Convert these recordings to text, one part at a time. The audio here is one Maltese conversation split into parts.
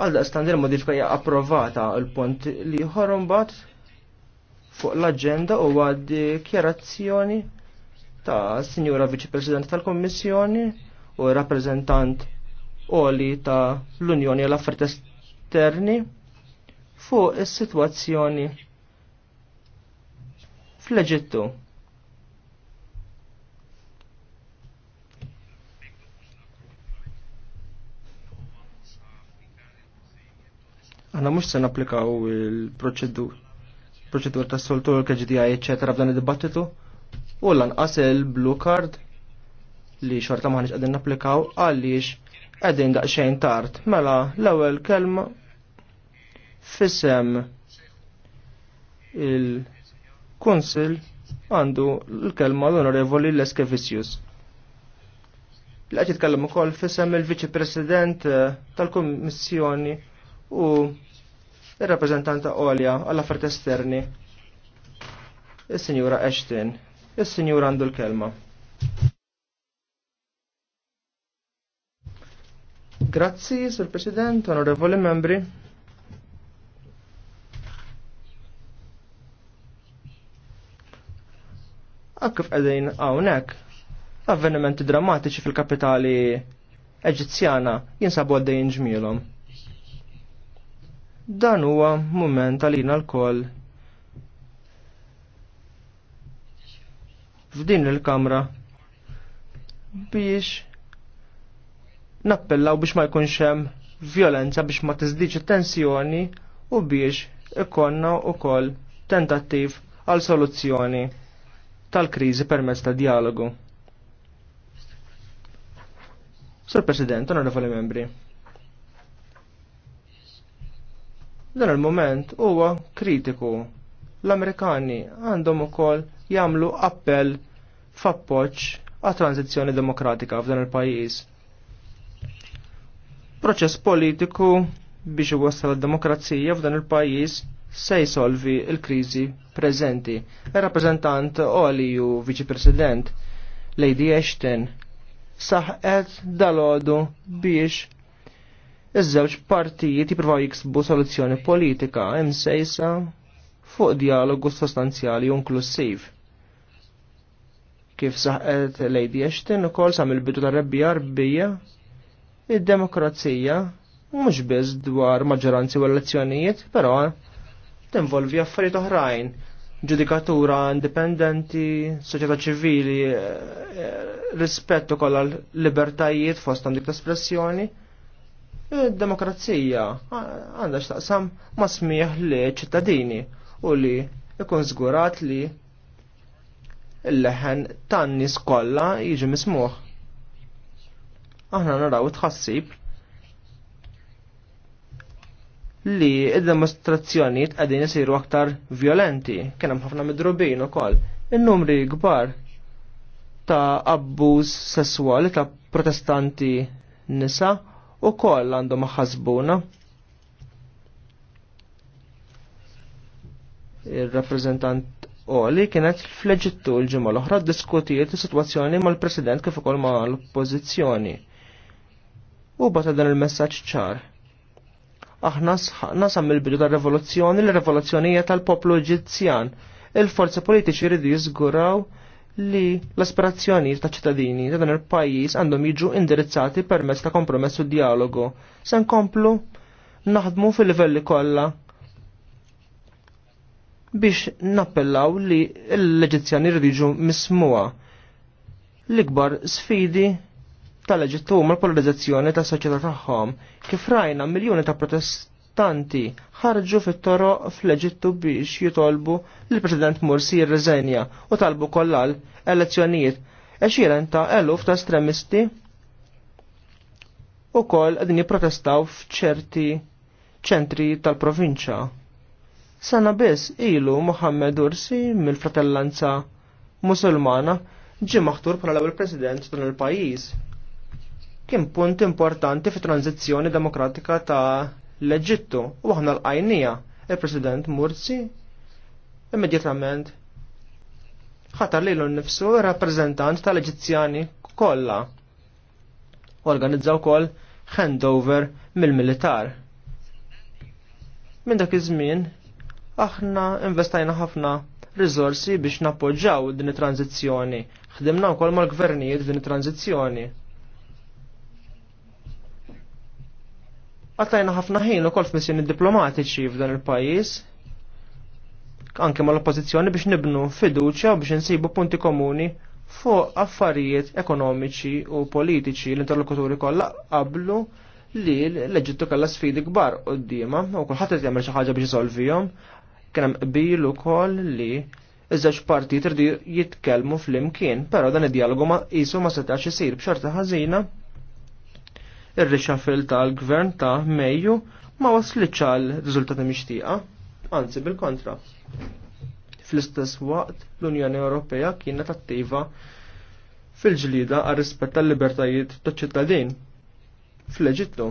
għal standard modifika hija approvata l-punt li ħorom bat fuq l-agenda u għad dikjerazzjoni ta' Sinjura Viċi President tal-Kommissjoni u rappresentant oli ta' l-Unjoni l affarijiet Esterni fuq is-sitwazzjoni fl-Eġittu. Aħna mhux se napplikaw il-proċedur proċedur ta' soltur KGDI eccetera f'dan id-dibattitu u lanqas il-blue card li xorta maħniġ qegħdin napplikaw għaliex qegħdin xejn tard. Mela l-ewwel kelma fissem il-Kunsil għandu l-kelma l-Onorevoli Leskevicius. l t-kallam jitkellem ukoll fissem il-Viċi President eh, tal-Kummissjoni u il-rappresentanta Olja għall-affarijiet esterni, il-Sinjura Ashton. Il-Sinjura għandu l-kelma. Grazzi, Sir President, onorevoli membri. Akkif għedin għawnek, avvenimenti drammatiċi fil-kapitali Eġizzjana jinsabu għaddejn ġmilom. Dan huwa mument għalina l-koll f'din il-kamra biex nappellaw biex ma jkunx hemm violenza biex ma tiżdiċ it-tensjoni u biex ikonna wkoll tentattiv għal soluzzjoni tal-kriżi permezz ta' dialogu. Sur President, onorevoli membri, Dan il-moment huwa kritiku. L-Amerikani għandhom ukoll jagħmlu appell f'appoġġ għat tranzizzjoni demokratika f'dan il-pajjiż. Proċess politiku biex iwassal demokrazija f'dan il-pajjiż se jsolvi l-kriżi preżenti. Ir-rappreżentant Oli u Viċi President Lady Ashton saħqet dalodu biex iż-żewġ partijiet jippruvaw jiksbu soluzzjoni politika msejsa fuq dialogu sostanzjali u inklusiv. Kif saħqet Lady Ashton ukoll sa mill-bidu tar-rebbija rbija id-demokrazija mhux biss dwar maġġoranzi u elezzjonijiet, però tinvolvi affarijiet oħrajn, ġudikatura indipendenti, soċjetà ċivili, eh, rispettu kollha l-libertajiet fost għandik l-espressjoni il demokrazija għandha x'taqsam ma smieħ li ċittadini u li ikun żgurat li l-leħen tan-nies kollha jiġi mismuħ. Aħna naraw tħassib li id-demonstrazzjonijiet qegħdin isiru aktar violenti, kien hemm ħafna midrubin ukoll. In-numri kbar ta' abbuż sesswali ta' protestanti nisa' u koll għandhom ħasbuna. Il-rappresentant Oli kienet fl-Eġittu l ġimma l-oħra diskutiet is-sitwazzjoni mal-President kif ukoll ma' l oppożizzjoni U bata dan il-messaġġ ċar. Aħna sħaqna sam il-bidu tar-revoluzzjoni l-revoluzzjonija tal-poplu Eġizzjan. Il-forzi politiċi jridu jizguraw li l-aspirazzjoni ta' ċittadini ta' dan il-pajjiż għandhom jiġu indirizzati permezz ta' kompromess u dialogu. Se nkomplu naħdmu fil-livelli kollha biex nappellaw li l-Eġizzjani rridu mismuha. L-ikbar sfidi tal-Eġittu huma l-polarizzazzjoni tas soċjetà tagħhom kif rajna miljuni ta' protest Tanti, ħarġu fit-toroq fl-Eġittu biex jitolbu li president Mursi jirriżenja u talbu kollal elezzjonijiet eċiren ta' eluf ta' estremisti u koll għedin jiprotestaw f'ċerti ċentri tal-provinċa. Sana biss ilu Mohammed Ursi mill-fratellanza musulmana ġi maħtur bħala l president dan il-pajis. Kien punt importanti fit tranzizzjoni demokratika ta' l-Eġittu u aħna l-qajnija il-President Mursi immedjatament ħatar l-nifsu rappreżentant tal-Eġizzjani kollha. Organizzaw kol handover mill-militar. Minn dak iż-żmien aħna investajna ħafna rizorsi biex nappoġġaw din it-tranzizzjoni. Ħdimna wkoll mal-gvernijiet din it-tranzizzjoni. Għattajna ħafna ħin ukoll missjoni diplomatiċi f'dan il-pajjiż. Anke mal-oppożizzjoni biex nibnu fiduċja biex insibu punti komuni fuq affarijiet ekonomiċi u politiċi l-interlokuturi kollha qablu li l-Eġittu kellha sfidi kbar qudiema u kulħadd qed jagħmel xi ħaġa biex isolvihom. Kien hemm qbil ukoll li iż-żewġ partit irdu jitkellmu fl-imkien, però dan id-dialogu ma qisu ma setax isir b'xorta ħażina Ir-rixafil tal-gvern ta' Mejju ma waslitx għal riżultati mixtieqa, anzi bil-kontra. Fl-istess waqt l-Unjoni Ewropea kienet attiva fil-ġlida għal rispett tal-libertajiet tal-ċittadin fl-Eġittu.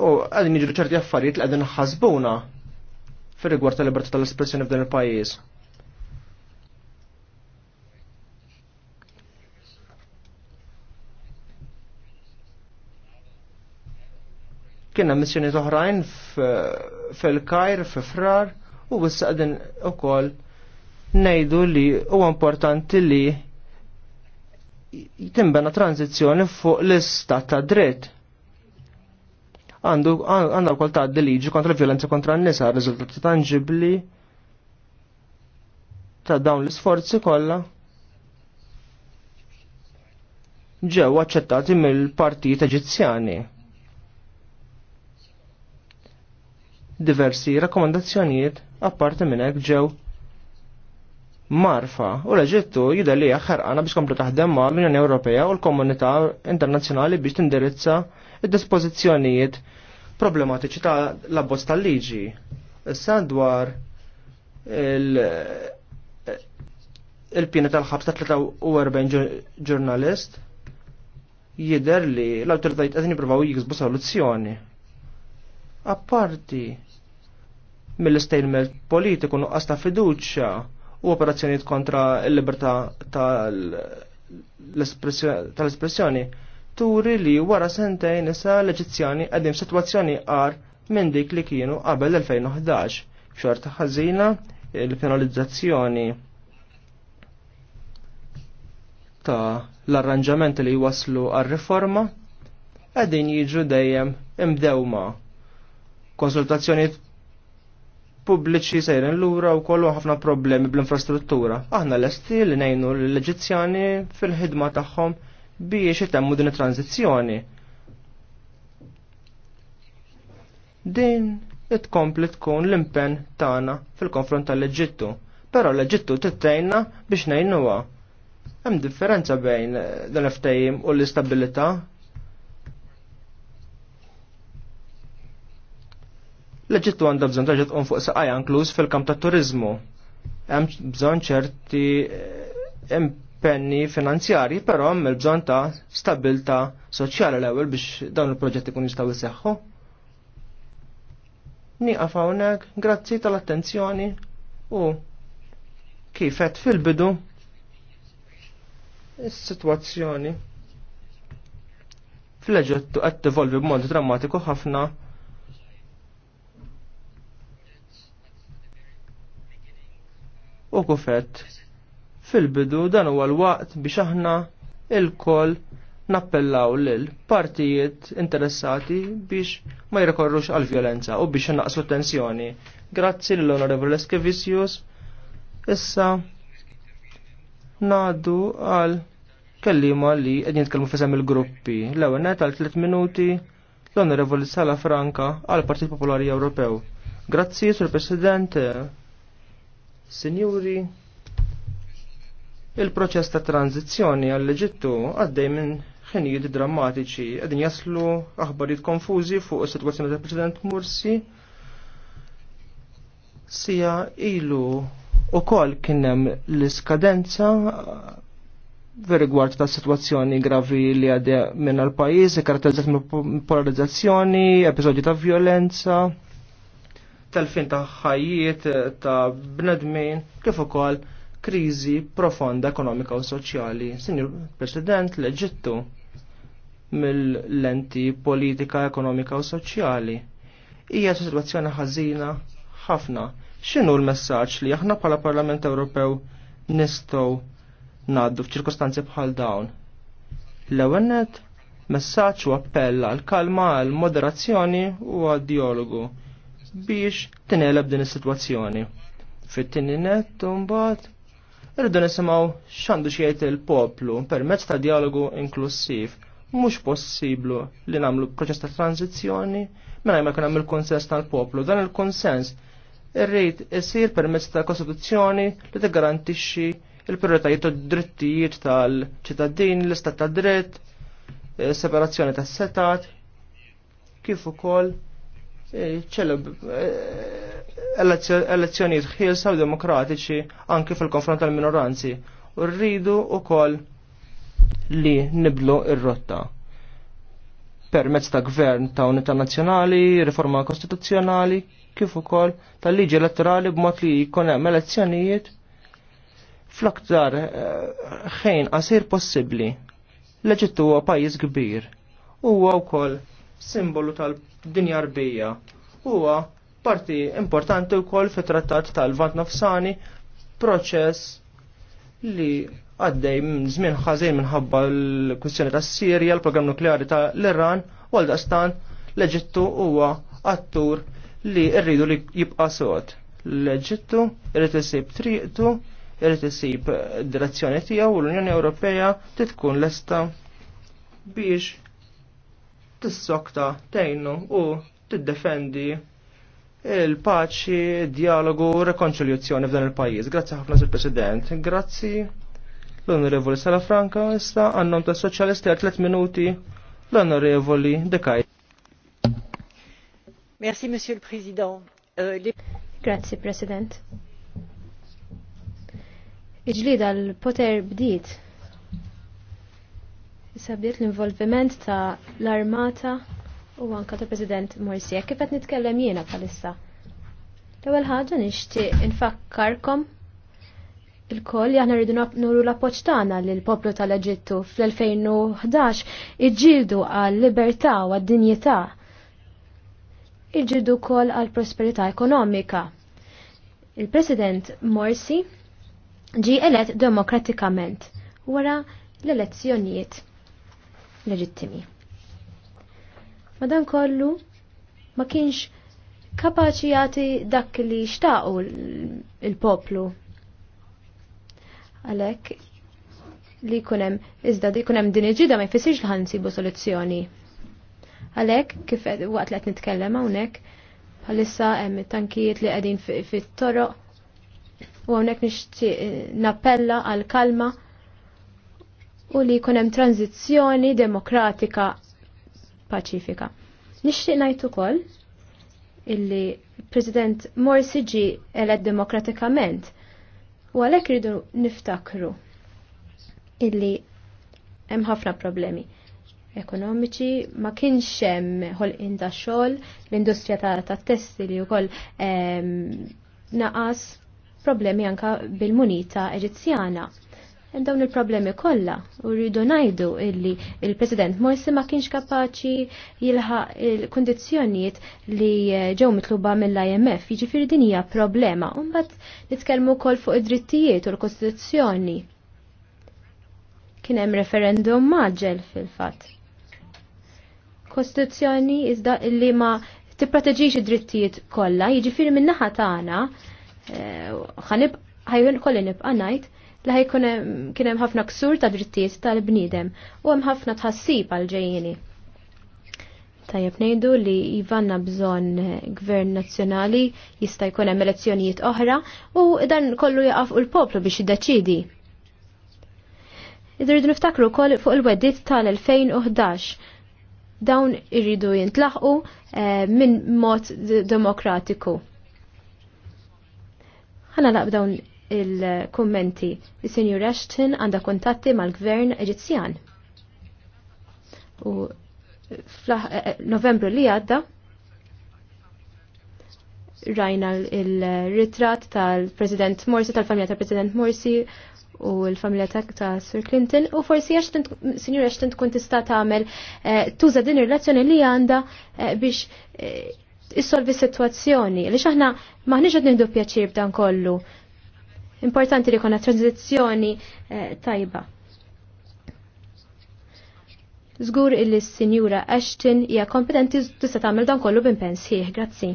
U għadin iġru ċerti affarijiet li għadin ħasbuna fil-rigward tal-libertà tal-espressjoni f'dan il-pajjiż. Kienna missjoni oħrajn fil-Kajr, fil-Frar, u għissa għadin u koll nejdu li u importanti li timbena tranzizjoni fuq l-istat ta' dritt. Għandu għandu kol ta' liġi kontra l-violenza kontra n-nisa, rizultati tangibli ta' dawn l-sforzi kollha ġew aċċettati mill-partit Eġizzjani. diversi rakkomandazzjonijiet apparti minn hekk ġew marfa u l-Eġittu jidher li ħarqana biex komplu taħdem ma' l-Unjoni Ewropea u l-Komunità Internazzjonali biex tindirizza id-dispożizzjonijiet problematiċi ta' l-abbozz tal-liġi. Issa dwar il- il-pjena tal-ħabs ta' 43 ġurnalist jider li l-autoritajt għedin jippruvaw jikzbu soluzzjoni. Apparti mill-istajlment politiku nuqqas ta' fiduċja u operazzjonijiet kontra l-libertà tal-espressjoni turi li wara sentejn issa l-Eġizzjani qegħdin sitwazzjoni qar minn dik li kienu qabel 2011. Xorta ħażina il-penalizzazzjoni ta' l-arranġament li waslu għal-riforma qegħdin jiġu dejjem imdewma konsultazzjoni pubbliċi sejren lura u kollu ħafna problemi bl-infrastruttura. Aħna l-esti li nejnu l-Eġizzjani fil-ħidma tagħhom biex itemmu din it-tranzizzjoni. Din itkompli tkun l-impen tagħna fil-konfront tal-Eġittu, però l-Eġittu tittejna biex nejnuha. Hemm differenza bejn dan ftehim u l-istabilità leġittu għandha bżonn taġet tqum fuq saqajja anklus fil-kamp ta' turiżmu Hemm bżonn ċerti eh, impenni finanzjarji, però hemm il-bżonn ta' stabilta soċjali l-ewwel biex dawn il proġett ikun jistgħu jseħħu. Nieqaf hawnhekk, grazzi tal-attenzjoni u kifet fil-bidu is-sitwazzjoni fl-Eġittu qed tivolvi b'mod drammatiku ħafna u kufett. Fil-bidu dan huwa l-waqt biex aħna il-koll nappellaw l partijiet interessati biex ma jirkorrux għal violenza u biex naqsu tensjoni. Grazzi l-Onorevole Eskevisius. Issa nadu għal kellima li għedin tkellmu fisem il-gruppi. L-ewenet għal 3 minuti l-Onorevoli Sala Franka għal Partit Popolari Ewropew. Grazzi, Sur President, Signuri, il-proċess ta' tranzizzjoni għall-Eġittu għaddej minn ħinijiet drammatiċi għedin jaslu aħbarijiet konfużi fuq is-sitwazzjoni tal president Mursi. Sija ilu u kol kienem l-iskadenza verigward ta' situazzjoni gravi li għadde minn għal pajiz karatterizzat minn polarizzazzjoni, episodji ta' violenza tal-fin ta' ħajjiet eh, ta' bnedmin kif ukoll kriżi profonda ekonomika u soċjali. Sinjur President, l-Eġittu mill-lenti politika, ekonomika u soċjali. Hija situazzjoni ħażina ħafna. X'inhu l-messaġġ li aħna bħala Parlament Ewropew nistgħu ngħaddu f'ċirkostanzi bħal dawn? L-ewwel messaġġ u appell għal kalma, għal moderazzjoni u għad dialogu biex tinelab din is-sitwazzjoni. Fit-tieni net mbagħad irridu nisimgħu x'għandu xejn il-poplu permezz ta' dialogu inklusiv. Mhux possiblu li nagħmlu proċess ta' tranzizzjoni mingħajr ma kien hemm il-konsens tal-poplu. Dan il-konsens irrid isir permezz ta' kostituzzjoni li tiggarantixxi il-prioritajiet u d-drittijiet tal-ċittadin, l-istat ta' dritt, eh, separazzjoni tas setat kif ukoll ċellu eh, elezzjonijiet ħilsa u demokratiċi anki fil-konfront tal-minoranzi u rridu u kol li niblu ir-rotta permezz ta' gvern ta' unità nazjonali, riforma kostituzzjonali, kif ukoll tal-liġi elettorali b'mod li jkun hemm elezzjonijiet fl-aktar eh, ħejn qasir possibbli. L-Eġittu huwa pajjiż kbir. Huwa wkoll simbolu tal-dinja rbija. Huwa parti importanti wkoll fit-trattat tal-Vant Nafsani, proċess li għaddej minn żmien ħażin minħabba l-kwistjoni tas-Sirja, l-programm nukleari ta' l-Iran, u għal dastan l-Eġittu huwa attur li rridu li jibqa' sod. L-Eġittu irid isib triqtu, irid isib direzzjoni tiegħu u l-Unjoni Ewropea titkun lesta biex tissokta tejnu u tiddefendi il-paċi, dialogu u rekonċiljuzzjoni f'dan il-pajjiż. Grazzi ħafna sur President. Grazzi l-Onorevoli Sala Franca. issa għannom ta' soċjalisti għal 3 minuti l-Onorevoli Dekaj. Merci, Monsieur le Président. Euh, Grazzi, les... Grazie, President. Iġlida l-poter bdiet sabiet l-involviment ta' l-armata u anka ta' President Morsi. Kif qed nitkellem jiena bħalissa? L-ewwel ħaġa nixtieq infakkarkom il-koll jahna rridu nuru l-appoċ tagħna lill poplu tal-Eġittu fl-2011 iġġieldu għal libertà u għad-dinjità. Iġġieldu wkoll għal prosperità ekonomika. Il-President Morsi ġi elett demokratikament wara l-elezzjonijiet leġittimi. Madan kollu ma kienx kapaċi jati dak li xtaqu il-poplu. Għalhekk li kunem iżda di kunem din iġida ma jfissirx li ħan soluzzjoni. Għalhekk kif waqt li qed nitkellem hawnhekk bħalissa hemm tankijiet li qegħdin fit-toroq u hawnhekk nixtieq eh, nappella għal kalma u li jkun hemm tranzizzjoni demokratika paċifika. Nixtieq ngħid ukoll illi President Morsi ġi eled demokratikament u għalhekk ridu niftakru illi hemm ħafna problemi ekonomiċi, ma kienx hemm ħolqien xogħol, l-industrija tat-tessili wkoll naqas problemi anka bil-munita Eġizzjana hemm dawn il-problemi kollha u rridu ngħidu illi il-President Morsi ma kienx kapaċi jilħa il-kundizzjonijiet li eh, ġew mitluba mill-IMF, jiġifieri din hija problema. U mbagħad nitkellmu wkoll fuq id-drittijiet u l-Kostituzzjoni. Kien hemm referendum maġġel fil-fatt. Kostituzzjoni iżda illi ma tipproteġix id-drittijiet kollha, jiġifieri min-naħa tagħna eh, ħanib ħajjun kolli nibqa' ngħid laħi kienem kien hemm ħafna ksur ta' drittijiet tal-bniedem u hemm ħafna tħassib għal ġejjini. Tajjeb ngħidu li jivanna bżonn eh, gvern nazzjonali jista' jkun hemm elezzjonijiet oħra u dan kollu jaqaf u l-poplu biex jiddeċidi. Idridu niftakru wkoll fuq il-weddit tal-2011 dawn irridu jintlaħqu eh, minn mod demokratiku ħana laqb dawn il-kommenti. Il-Senjur Ashton għanda kontatti mal-Gvern Eġizzjan. U eh, eh, novembru li għadda rajna il-ritrat tal-President Morsi, tal-familja tal-President Morsi u l-familja ta' Sir Clinton u forsi għax Sinjur għax tkun tista' tagħmel eh, tuża din ir-relazzjoni li għandha biex issolvi s-sitwazzjoni. Li aħna maħniex qed nieħdu pjaċir b'dan kollu. Importanti li konna eh, tajba. Zgur illi s-Sinjura Ashton hija kompetenti tista' tagħmel dan kollu b'impens ħieħ, grazzi.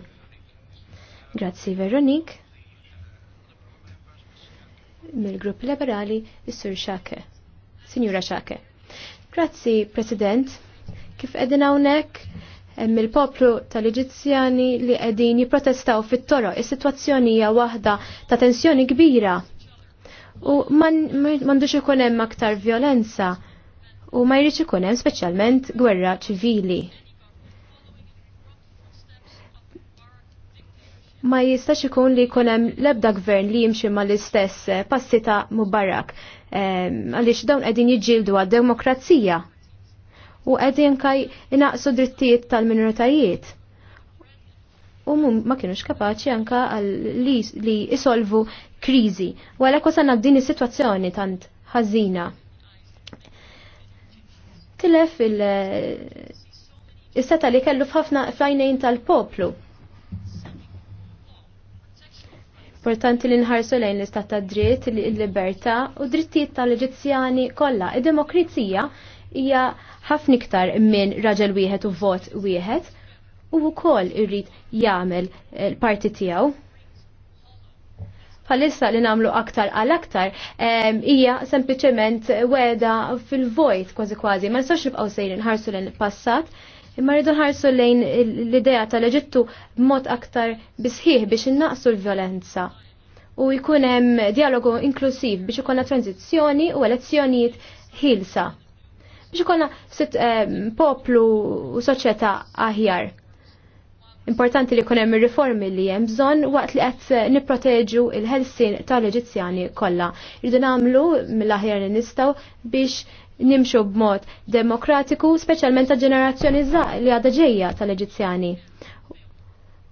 Grazzi Veronique. Mill-Grupp Liberali is-Sur Xake. Sinjura Xake. Grazzi President, kif qegħdin hawnhekk mill-poplu tal-Eġizzjani li qegħdin jipprotestaw fit-toro. Is-sitwazzjoni hija waħda ta' tensjoni kbira. U m'għandux ikun hemm aktar violenza u ma jridx ikun hemm speċjalment gwerra ċivili. Ma jistax ikun li jkun hemm l-ebda gvern li jimxi mal-istess passi ta' Mubarak għaliex dawn qegħdin jiġġieldu għad-demokrazija u għedin kaj inaqsu drittijiet tal-minoritajiet. U mum ma kienux kapaċi anka li, jisolvu krizi. kriżi. U għalhekk wasalna din is-sitwazzjoni tant ħażina. Tilef il-seta eh, li kellu f'ħafna f'ajnejn tal-poplu. importanti li nħarsu lejn l-istat ta' dritt, il-libertà u drittijiet tal-Eġizzjani kollha. Id-demokrazija hija ħafna iktar minn raġel wieħed u vot wieħed u wkoll irrid jagħmel l-parti eh, tiegħu. Bħalissa li namlu aktar għal aktar hija sempliċement weda fil-vojt kważi kważi, ma nistax nibqgħu sejrin ħarsu lejn passat imma rridu ħarsu lejn l-idea tal-Eġittu b'mod aktar bisħieħ biex innaqsu l-violenza u jkun hemm dialogu inklusiv biex ikollna tranzizzjoni u elezzjonijiet ħilsa biex ikonna sit eh, poplu u soċjetà aħjar. Importanti li kunem riformi li hemm bżonn waqt li qed eh, nipproteġu il-ħelsin tal-Eġizzjani kollha. Rridu nagħmlu mill-aħjar li nistgħu biex nimxu b'mod demokratiku, speċjalment ta' ġenerazzjoni li għadha ġejja tal-Eġizzjani.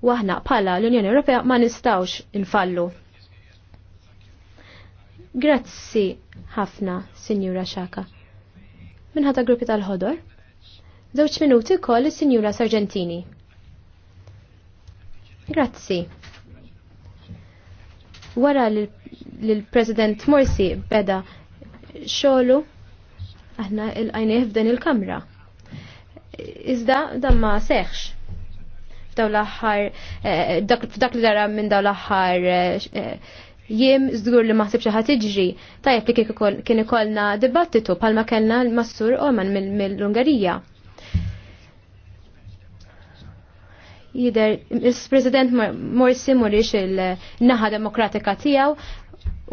Waħna bħala l-Unjoni Ewropea ma nistgħux infallu. Grazzi ħafna, Sinjura Xaka minħata gruppi tal-ħodor. Żewġ minuti kol is-Sinjura Sargentini. Grazzi. Wara l-President Morsi beda xogħlu aħna il-għajnieh f'dan il-kamra. Iżda dan ma seħħx f'daw l-aħħar eh, f'dak li dara minn daw l-aħħar eh, jiem zgur li maħsib xaħat iġri. tajjeb li kien ikollna dibattitu palma kellna l-Massur Oman mill-Ungarija. Jider, il-President Morsi murix il-naħa demokratika tijaw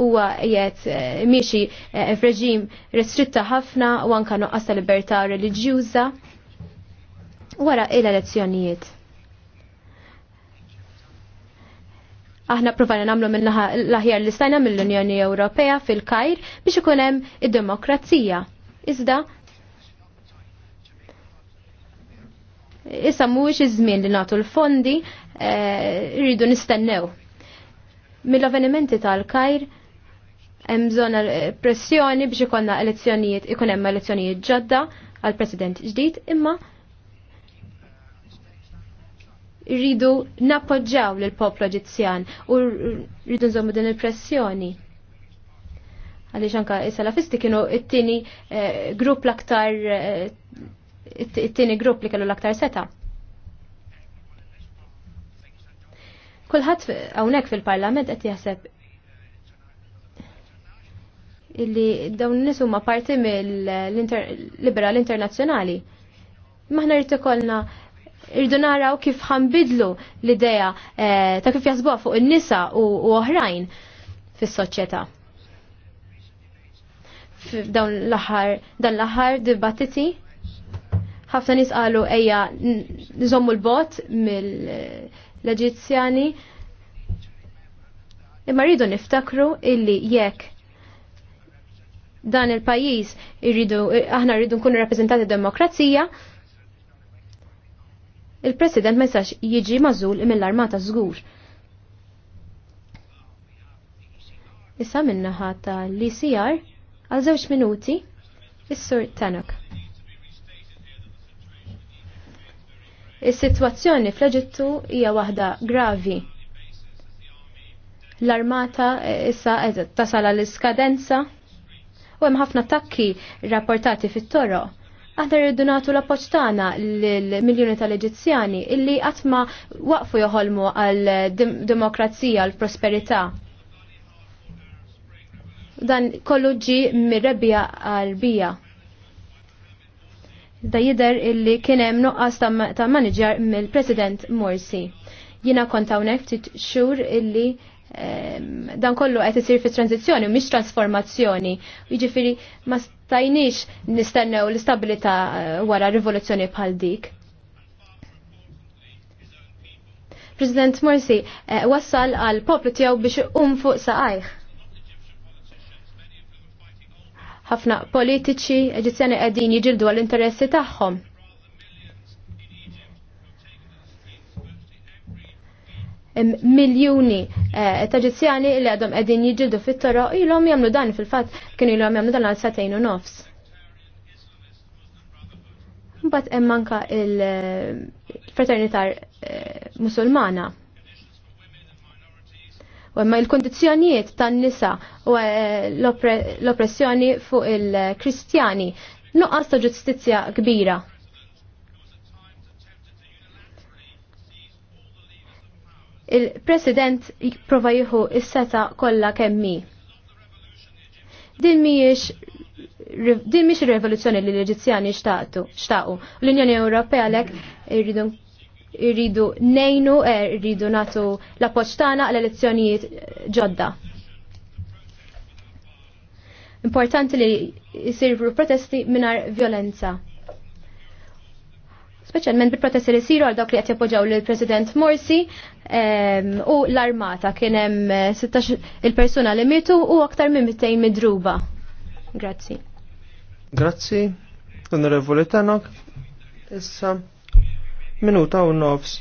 huwa qiegħed eh, miexi eh, f'reġim restritta ħafna u anka noqqas ta' libertà reliġjuża wara il-elezzjonijiet. Aħna provajna namlu minnaħa l-aħjar li stajna mill-Unjoni Ewropea fil-Kajr biex ikun hemm id-demokrazija. Iżda issa mhuwiex iż-żmien li nagħtu l-fondi eh, rridu nistennew. Mill-avvenimenti tal-Kajr hemm bżonn pressjoni biex ikunna elezzjonijiet ikun hemm elezzjonijiet ġodda għal president ġdid imma rridu nappoġġaw lil poplu Eġizzjan u rridu nżommu din il-pressjoni. Għaliex anka is-salafisti kienu it-tieni eh, grupp l-aktar eh, it-tieni grupp li kellu l-aktar seta'. Kulħadd hawnhekk fil-Parlament qed jaħseb illi dawn nies huma parti mill-liberal internazzjonali. Maħna rrid ikollna irdu naraw kif ħanbidlu l-idea eh, ta' kif jasbuha fuq in-nisa u oħrajn fis-soċjetà. Dawn l-aħħar dan l-aħħar dibattiti ħafna nies qalu ejja nżommu l-bot mill-Eġizzjani imma rridu niftakru illi jekk dan il-pajjiż irridu aħna rridu nkunu rappreżentati demokrazija, il-President ma jistax jiġi mażul mill-armata żgur. Issa minnaħa ta' l-ICR għal żewġ minuti is-Sur Tanok. Is-sitwazzjoni fl-Eġittu hija waħda gravi. L-armata eh, issa qed eh, l-iskadenza u hemm ħafna attakki rapportati fit-toroq Aħna rridu nagħtu l-appoġġ tagħna lill-miljuni tal-Eġizzjani illi qatt ma waqfu joħolmu għal demokrazija għal prosperità. Dan kollu ġi mir-rebbija għal bija. Da jider illi kienem nuqqas ta' manager mill-President Morsi. Jina konta unek ftit xur illi Ehm, dan kollu qed isir fi u mhix transformazzjoni. Iġifiri, ma stajniex nistennew l-istabilità eh, wara rivoluzzjoni bħal dik. President Morsi eh, wassal għal poplu tijaw biex um fuq saqajh. Ħafna politiċi eġizjani għedin jġildu għal interessi taħħom. miljoni eh, ta' ġizjani li għadhom qegħdin jiġildu fit-toro ilhom jagħmlu dan fil-fatt kienu ilhom jagħmlu dan għal satejn u nofs. Mbagħad hemm anka il-fraternità eh, eh, Musulmana. U imma il-kondizzjonijiet tan-nisa u l-oppressjoni fuq il-Kristjani nuqqas ta' ġustizzja kbira il-President jiprofa jieħu s seta kollha kemmi. Din miex din mhix ir-rivoluzzjoni li l-Eġizzjani xtaqu. L-Unjoni Ewropea lek irridu irridu nejnu, e, irridu natu l poċtana tagħna elezzjonijiet ġodda. Importanti li jisirru protesti minar violenza specialment bil-protesti li siru għal dak li qed jappoġġaw l President Morsi ehm, u l-armata kien hemm 16 eh, il-persuna li mitu u aktar minn 200 midruba. Grazzi. Grazzi, Onorevoli Tanok. Issa minuta u nofs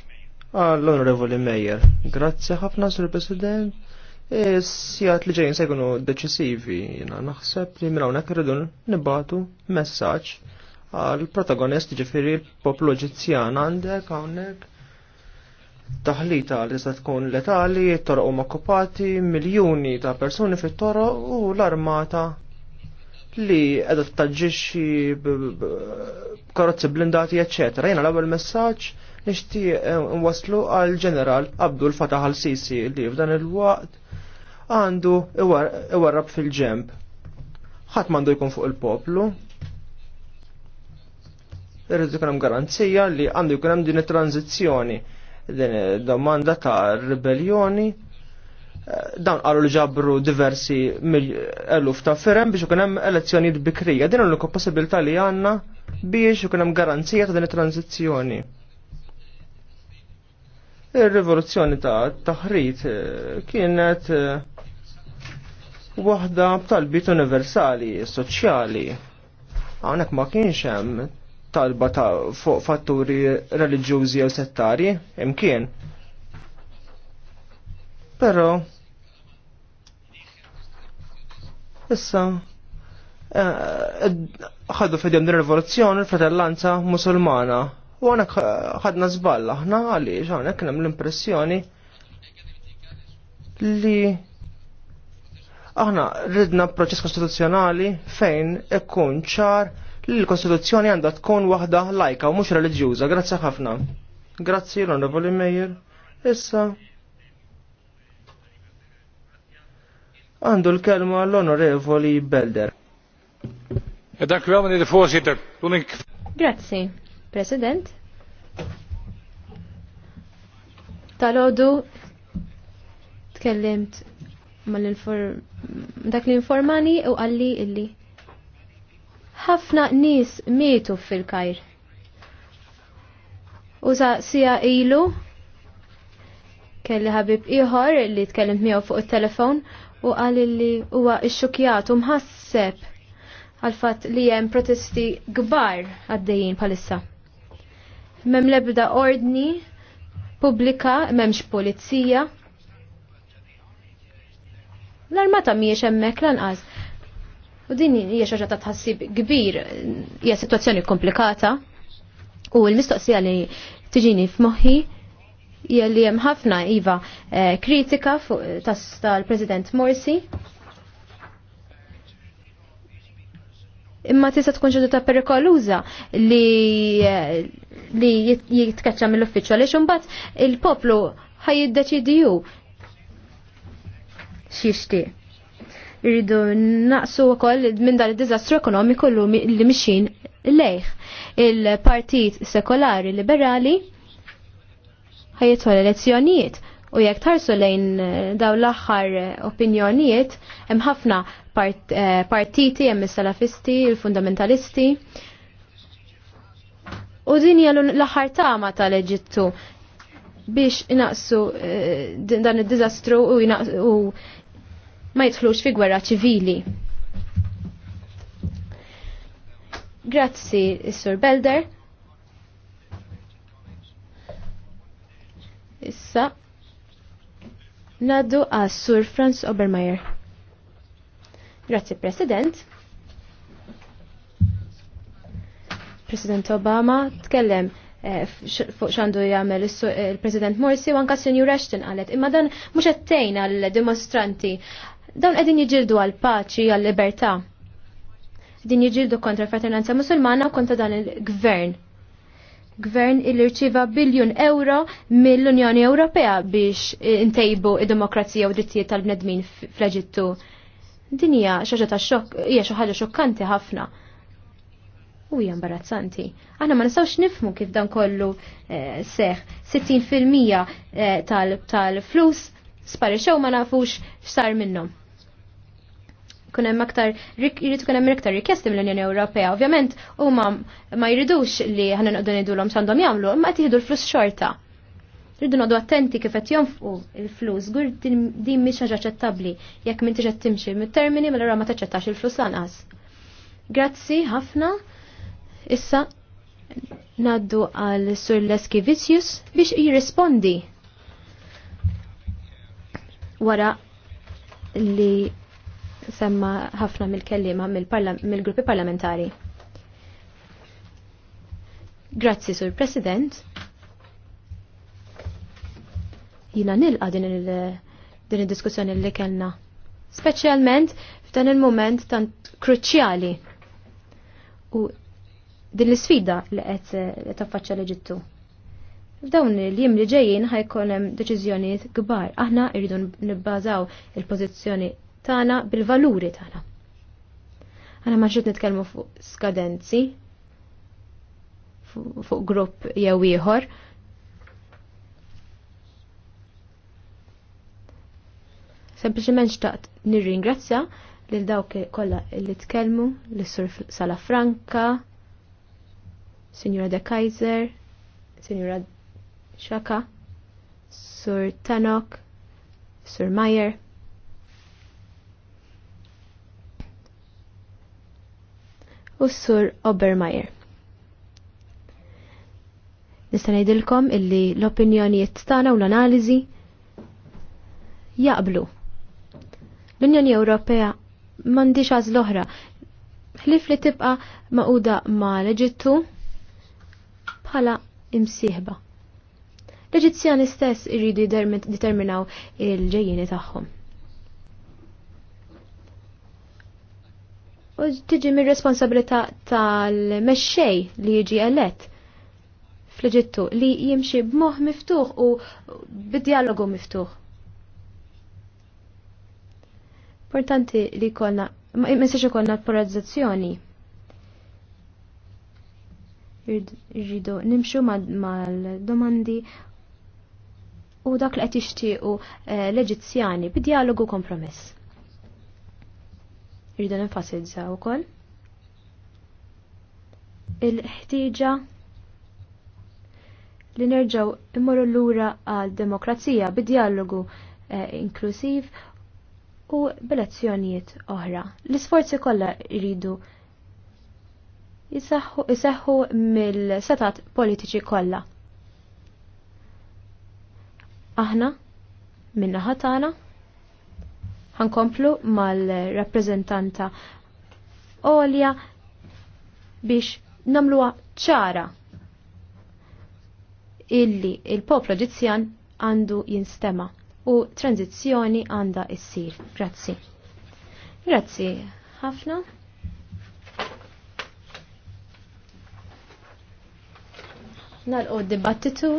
għall-Onorevoli Meyer. Grazzi ħafna sur President. Sijat li ġejn se deċisivi, jina naħseb li minn hawnhekk irridu nibatu messaġġ għal protagonist ġifiri poplu ġizzjan għandek hawnhekk taħlita li se tkun letali, torq u makkupati, miljuni ta' persuni fit toro u l-armata li t-tagġiċi karozzi blindati eċċetera. Jiena l-ewwel messaġġ nixtieq nwaslu għal ġeneral Abdul Fatah al-Sisi li f'dan il-waqt għandu iwarrab fil ġemb Ħadd m'għandu jkun fuq il-poplu, irrid ikun hemm garanzija li għandu jkun hemm din it-tranzizzjoni din domanda ta' ribelljoni eh, dawn qalu li ġabru diversi eluf ta' ferem biex ikun hemm elezzjonijiet bikrija. Din l-unika possibilità li għandna biex ikun hemm garanzija ta' din it-tranzizzjoni. Ir-rivoluzzjoni ta' taħrit eh, kienet eh, waħda b'talbit universali, soċjali. Hawnhekk ma kienx hemm talba ta' fuq fatturi reliġjużi jew settarji, imkien. Però issa eh, ħaddu fedjem din rivoluzzjoni l-fratellanza musulmana. U għana ħadna zballa, ħna għaliex ġana kienem l-impressjoni li aħna ridna proċess kostituzzjonali fejn ikkun ċar li l-Kostituzzjoni għandha tkun waħda lajka u mhux reliġjuża. Grazzi ħafna. Grazzi l-Onorevoli Mejer. Issa għandu l-kelma l-Onorevoli Belder. Grazzi, President. Tal-ħodu tkellimt mal dak l-informani u għalli illi ħafna nies mietu fil-kajr. Uza sija ilu kelli ħabib ieħor li tkellimt miegħu fuq it-telefon u qal li huwa xxukjat u mħasseb għalfatt li hemm protesti kbar għaddejjin bħalissa mem lebda ordni publika, memx polizija. L-armata miex hemmhekk lanqas. U din hija xi ta' tħassib kbir, hija sitwazzjoni komplikata. U l-mistoqsija li tiġini f'moħħi hija li hemm ħafna iva eh, kritika tal-President Morsi. Imma tista' tkun xi ta' perikoluża li eh, li jitkaċċa mill-uffiċċju għaliex imbagħad il-poplu ħajjiddeċidiju x'jixtieq. Irridu naqsu wkoll minn dan id-diżastru ekonomiku li mixin lejh. Il-Partit Sekolari Liberali ħajjitħol elezzjonijiet u jekk tarsu lejn eh, daw l-aħħar eh, opinjonijiet hemm ħafna part, eh, partiti hemm is-salafisti, il-fundamentalisti. U din hija l-aħħar tama tal-Eġittu biex inaqsu dan id-diżastru u ma jidħlux fi gwerra ċivili. Grazzi, Sur Belder. Issa, naddu għas Sur Franz Obermeyer. Grazzi, President. President Obama tkellem eh, fuq xandu jagħmel eh, il-President Morsi u anka Senjur Ashton qalet imma dan mhux qed tgħin għall-dimostranti Dawn qegħdin jiġildu għal paċi għal libertà. Din jiġildu kontra fraternanza musulmana u kontra dan il-gvern. Gvern il irċiva biljun euro mill-Unjoni Ewropea biex intejbu id-demokrazija u drittijiet tal-bnedmin fl-Eġittu. Din hija xaġa ta' xokk, hija xi ħaġa xokkanti ħafna u hija imbarazzanti. Aħna ma nistgħux nifhmu kif dan kollu seħħ eh, seħ. 60% mija eh, tal-flus sparixew sparixxew ma nafux x'sar minnhom tkun hemm aktar jrid tkun hemm iktar rikesti mill-Unjoni Ewropea. Ovvjament huma ma jridux li ħana nqogħdu ngħidulhom x'għandhom jagħmlu, imma qed jieħdu l-flus xorta. Rridu nodu attenti kif qed jonfqu il-flus, gur din mhix ħaġa aċċettabbli jekk m'intix qed timxi mit-termini mill mela ma taċċettax il-flus lanqas. Grazzi ħafna. Issa naddu għal Sur Vicius biex jirrispondi wara li semma ħafna mill-kellima mill-gruppi parlamentari. Grazzi, Sur President. Jina nilqa din il-diskussjoni li kellna. Speċjalment f'dan il-moment tant kruċjali. U din l-sfida li qed taffaċċa li ġittu. F'dawn il jiem li ġejjin ħajkun hemm deċiżjonijiet kbar. Aħna rridu nibbażaw il-pożizzjoni Tana bil-valuri tagħna. Għana ma nitkelmu nitkellmu fuq skadenzi, fuq grupp jew ieħor. Sempliċement xtaqt nirringrazzja lil dawk kollha li tkellmu, lis sur Sala Franca, Signora De Kaiser, Signora Shaka, Sur Tanok, Sur Meyer. u s-sur Obermeyer. Nista' ngħidilkom illi l-opinjonijiet tagħna u l-analiżi jaqblu. L-Unjoni Ewropea m'għandix għażl oħra. Ħlif li tibqa' maquda ma' l-Eġittu bħala imsieħba. L-Eġizzjani stess irridu determinaw il-ġejjini tagħhom. u tiġi mir responsabilità tal-mexxej li jiġi elett fl-Eġittu li jimxi b'moħ miftuħ u b'dialogu miftuħ. Importanti li kolna, ma jmessax ikolna polarizzazzjoni. Irridu nimxu mal-domandi u dak li qed jixtiequ eh, l-Eġizzjani b'dialogu kompromess irridu nenfasizza wkoll il-ħtieġa li nerġgħu immorru lura għal demokrazija bid-dialogu eh, inklusiv u b'elezzjonijiet oħra. L-isforzi kollha jridu jisaħħu mill-setat politiċi kollha. Aħna minna ħatana. Ħankomplu mal-rappreżentanta Olja biex namluha ċara illi il-poplu ġizjan għandu jinstema u tranzizzjoni għanda issir. Grazzi. Grazzi ħafna. Nal-qod dibattitu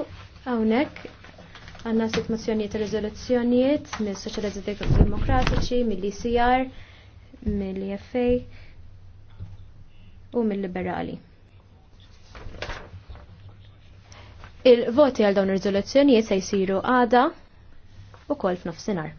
hawnhekk Għanna sitt mozzjonijiet riżoluzzjonijiet mis soċjalisti demokratiċi, mill-ICR, mill-IFA u mill-liberali. Il-voti għal dawn ir-riżoluzzjonijiet se jsiru għada u kol f'nofsinhar.